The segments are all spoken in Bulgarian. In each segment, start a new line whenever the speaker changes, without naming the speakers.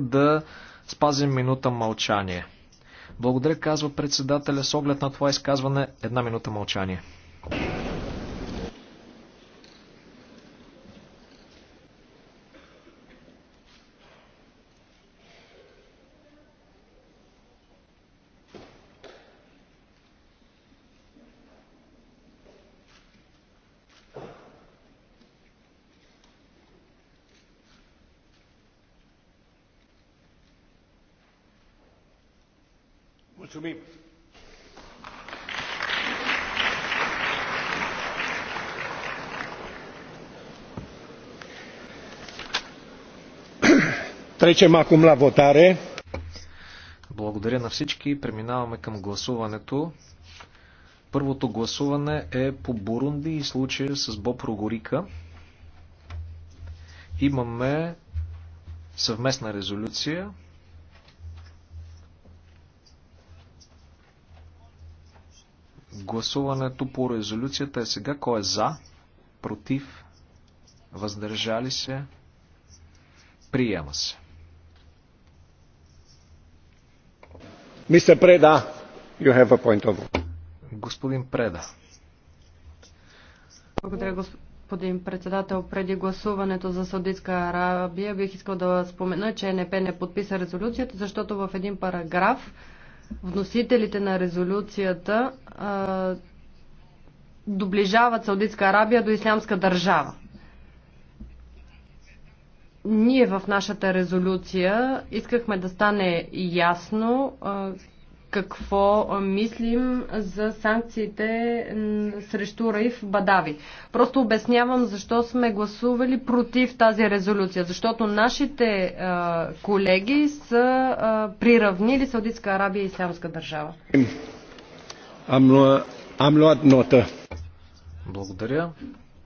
да спазим минута мълчание. Благодаря, казва председателя. С оглед на това изказване, една минута мълчание. Mulțumim! Благодаря на всички. Преминаваме към гласуването. Първото гласуване е по Бурунди и случая с Боб Рогорика. Имаме съвместна резолюция. Гласуването по резолюцията е сега. Кой е за? Против? Въздържали се? Приема се. Мистер Преда, you have a point of... Господин Преда.
Благодаря, господин господин председател, преди гласуването за Саудитска Арабия бих искал да спомена, че НП не подписа резолюцията, защото в един параграф вносителите на резолюцията а, доближават Саудитска Арабия до ислямска държава. Ние в нашата резолюция искахме да стане ясно а, какво мислим за санкциите срещу Раиф Бадави. Просто обяснявам защо сме гласували против тази резолюция. Защото нашите колеги са приравнили Саудитска Арабия и Исламска държава.
Благодаря.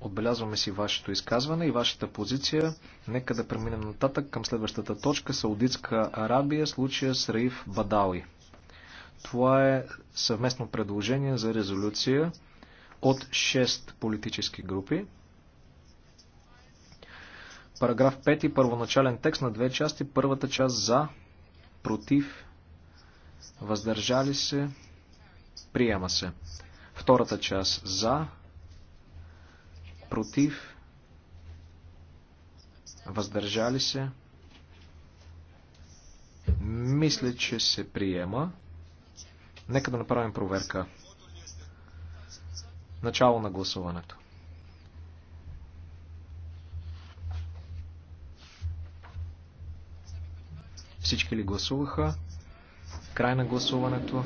Отбелязваме си вашето изказване и вашата позиция. Нека да преминем нататък към следващата точка. Саудитска Арабия, случая с Раиф Бадави. Това е съвместно предложение за резолюция от 6 политически групи. Параграф 5 и първоначален текст на две части. Първата част за, против, въздържали се, приема се. Втората част за, против, въздържали се. Мисля, че се приема. Нека да направим проверка. Начало на гласуването. Всички ли гласуваха? Край на гласуването.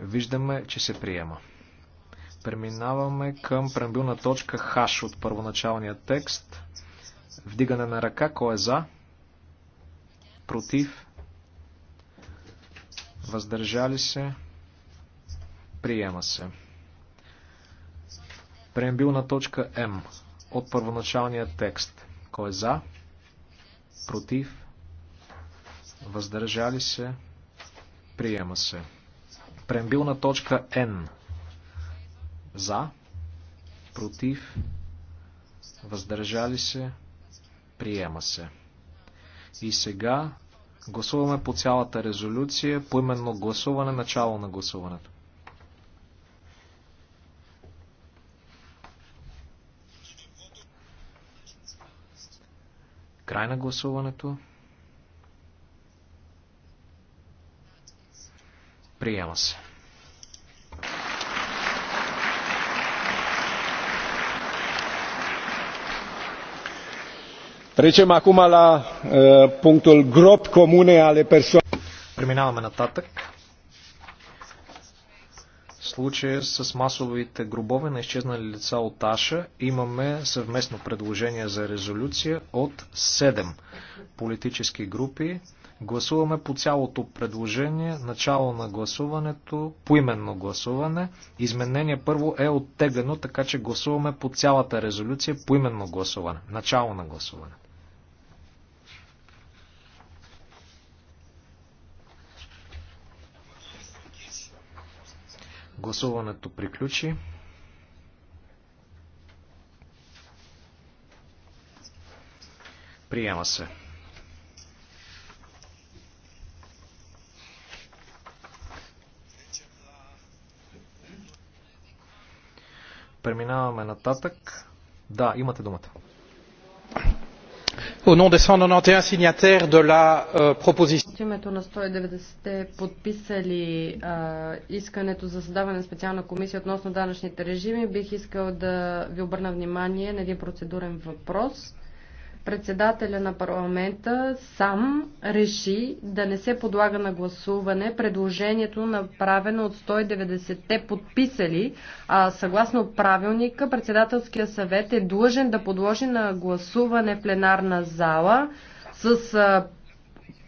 Виждаме, че се приема. Преминаваме към преамбилна точка хаш от първоначалния текст. Вдигане на ръка. Кой е за? Против? Въздържали се? Приема се. Преамбилна точка М от първоначалния текст. Кой е за? Против? Въздържали се? Приема се. Преамбилна точка Н за. Против. Въздържали се. Приема се. И сега гласуваме по цялата резолюция, по именно гласуване, начало на гласуването. Край на гласуването. Приема се. Trecem acum la eh, punctul grop comune ale persoanelor. Преминаваме нататък. Случая с масовите гробове на изчезнали лица от Аша имаме съвместно предложение за резолюция от 7 политически групи. Гласуваме по цялото предложение, начало на гласуването, поименно гласуване. Изменение първо е оттегано, така че гласуваме по цялата резолюция поименно гласуване, начало на гласуването. Гласуването приключи. Приема се. Преминаваме нататък. Да, имате думата. Au nom des signataires de la euh, proposition. От
името на 190-те подписали а, искането за създаване на специална комисия относно данъчните режими, бих искал да ви обърна внимание на един процедурен въпрос председателя на парламента сам реши да не се подлага на гласуване предложението направено от 190-те подписали, а съгласно правилника председателския съвет е длъжен да подложи на гласуване в пленарна зала с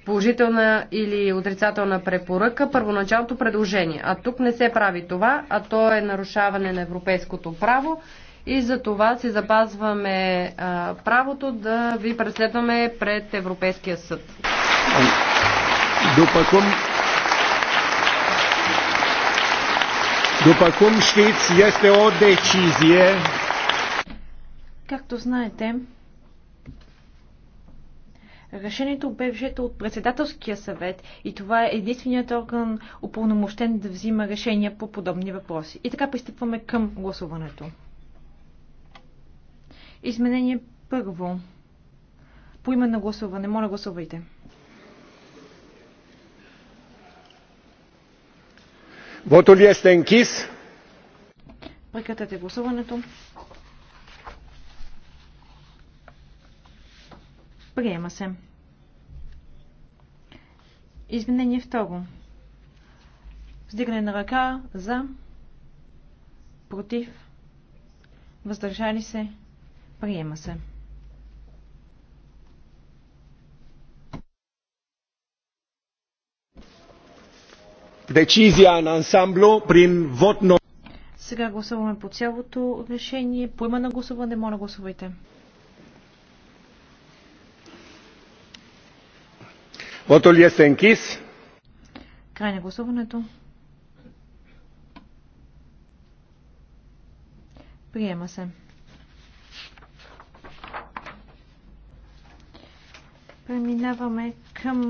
положителна или отрицателна препоръка първоначалното предложение. А тук не се прави това, а то е нарушаване на европейското право и за това си запазваме а, правото да ви преследваме пред Европейския съд. Допакум... Допакум după есте știți, дечизие.
Както знаете, решението бе взето от председателския съвет и това е единственият орган упълномощен да взима решения по подобни въпроси. И така пристъпваме към гласуването. Изменение първо. По име на гласуване. Моля, гласувайте.
ли е стенкис?
Прекратете гласуването. Приема се. Изменение второ. Вздигане на ръка за, против, въздържали се, Приема се.
Decizia în ansamblu prin vot no...
Сега гласуваме по цялото решение. По на гласуване, моля гласувайте. Votul este închis. Край на гласуването. Приема се. Преминаваме към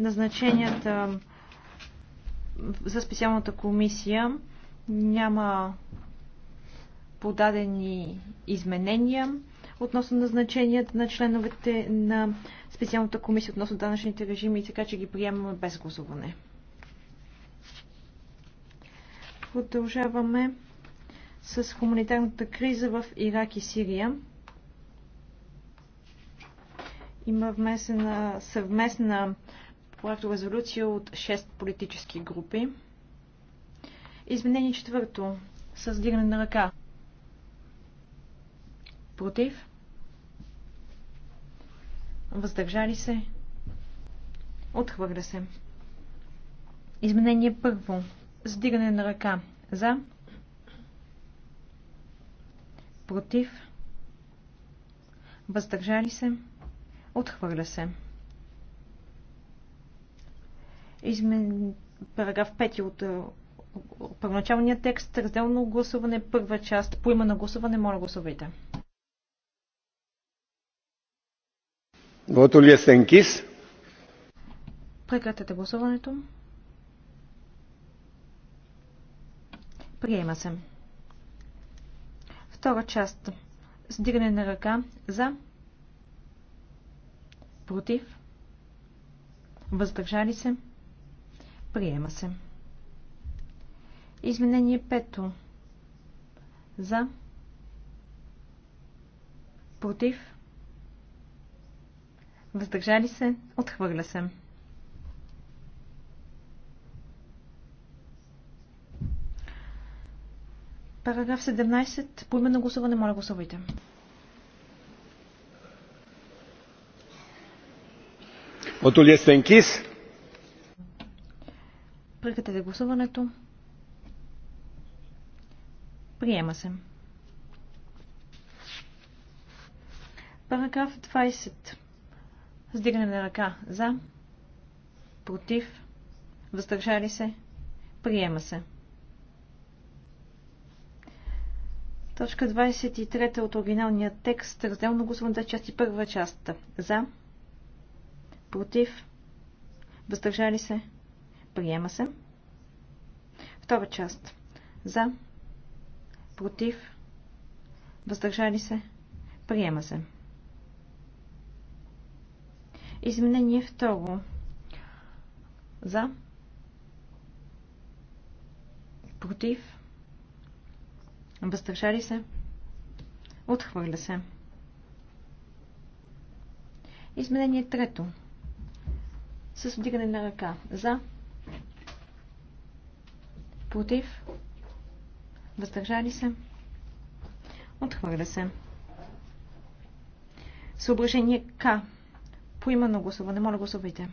назначенията за специалната комисия. Няма подадени изменения относно назначенията на членовете на специалната комисия относно данъчните режими, така че ги приемаме без гласуване. Продължаваме с хуманитарната криза в Ирак и Сирия. Има вмесена, съвместна резолюция от 6 политически групи. Изменение четвърто. С дигане на ръка. Против. Въздържали се. Отхвърля се. Изменение първо. Сдигане на ръка. За. Против. Въздържали се. Отхвърля се. Измен... Параграф 5 от е, първоначалния текст, разделно гласуване, първа част, поима на гласуване, моля гласувайте.
Вотът ли е сенкис?
Прекратете гласуването. Приема се. Втора част. Сдигане на ръка за Против? Въздържали се? Приема се. Изменение пето. За. Против. Въздържали се. Отхвърля се. Параграф 17. Поиме на гласуване. Моля гласувайте.
Votul este închis.
Прекратете гласуването. Приема се. Параграф 20. Сдигане на ръка. За. Против. Въздържали се. Приема се. Точка 23 от оригиналния текст. Разделно гласуване части първа част. За. Против. Въздържали се. Приема се. Втора част. За. Против. Въздържали се. Приема се. Изменение второ. За. Против. Въздържали се. Отхвърля се. Изменение трето с вдигане на ръка. За. Против. Въздържали се. Отхвърля се. Съображение К. Поимано гласуване. Моля гласувайте.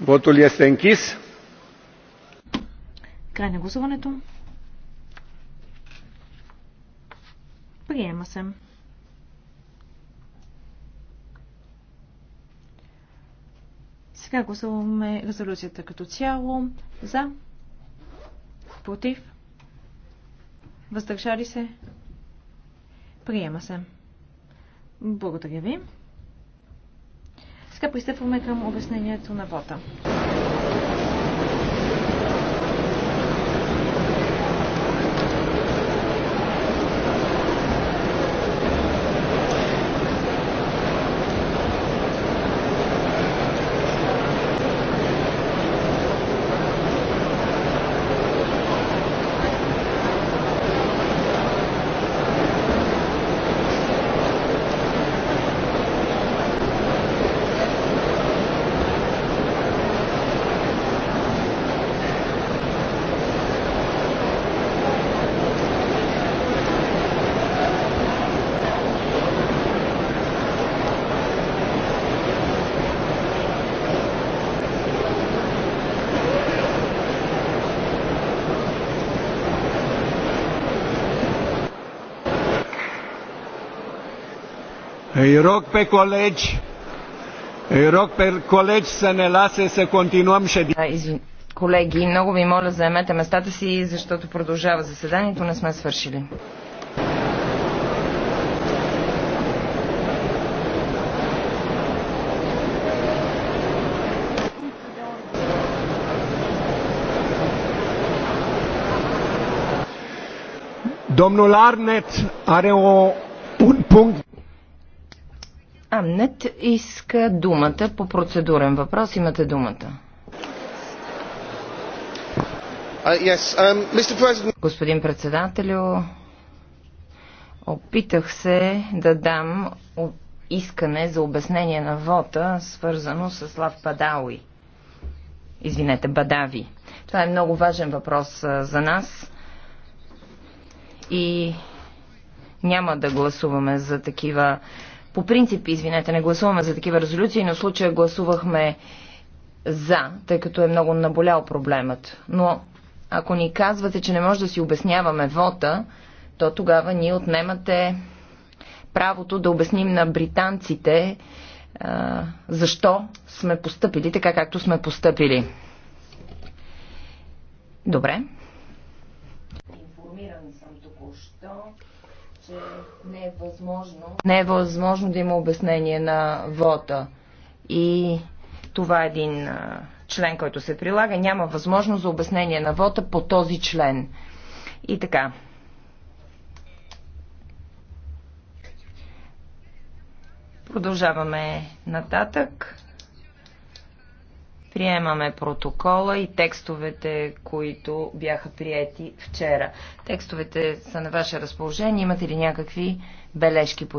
Вото ли е Сенкис?
Край на гласуването. Приема се. Сега гласуваме резолюцията като цяло. За. Против. Въздържали се. Приема се. Благодаря ви. Сега пристъпваме към обяснението на вота.
Îi rog pe colegi, îi rog pe colegi să ne lase să continuăm ședința. Колеги, много ви моля, заемете местата си, защото продължава заседанието, не сме свършили. Domnul Arnet are o, un punct. Амнет иска думата по процедурен въпрос. Имате думата. Uh, yes. um, Господин председателю, опитах се да дам искане за обяснение на вота, свързано с Лав Падауи. Извинете, Бадави. Това е много важен въпрос за нас и няма да гласуваме за такива по принцип, извинете, не гласуваме за такива резолюции, но в случая гласувахме за, тъй като е много наболял проблемът. Но ако ни казвате, че не може да си обясняваме вота, то тогава ни отнемате правото да обясним на британците а, защо сме постъпили така, както сме постъпили. Добре. Информиран съм току-що че не е възможно. Не е възможно да има обяснение на вота. И това е един член, който се прилага. Няма възможност за обяснение на вота по този член. И така. Продължаваме нататък. Приемаме протокола и текстовете, които бяха приети вчера. Текстовете са на ваше разположение. Имате ли някакви бележки по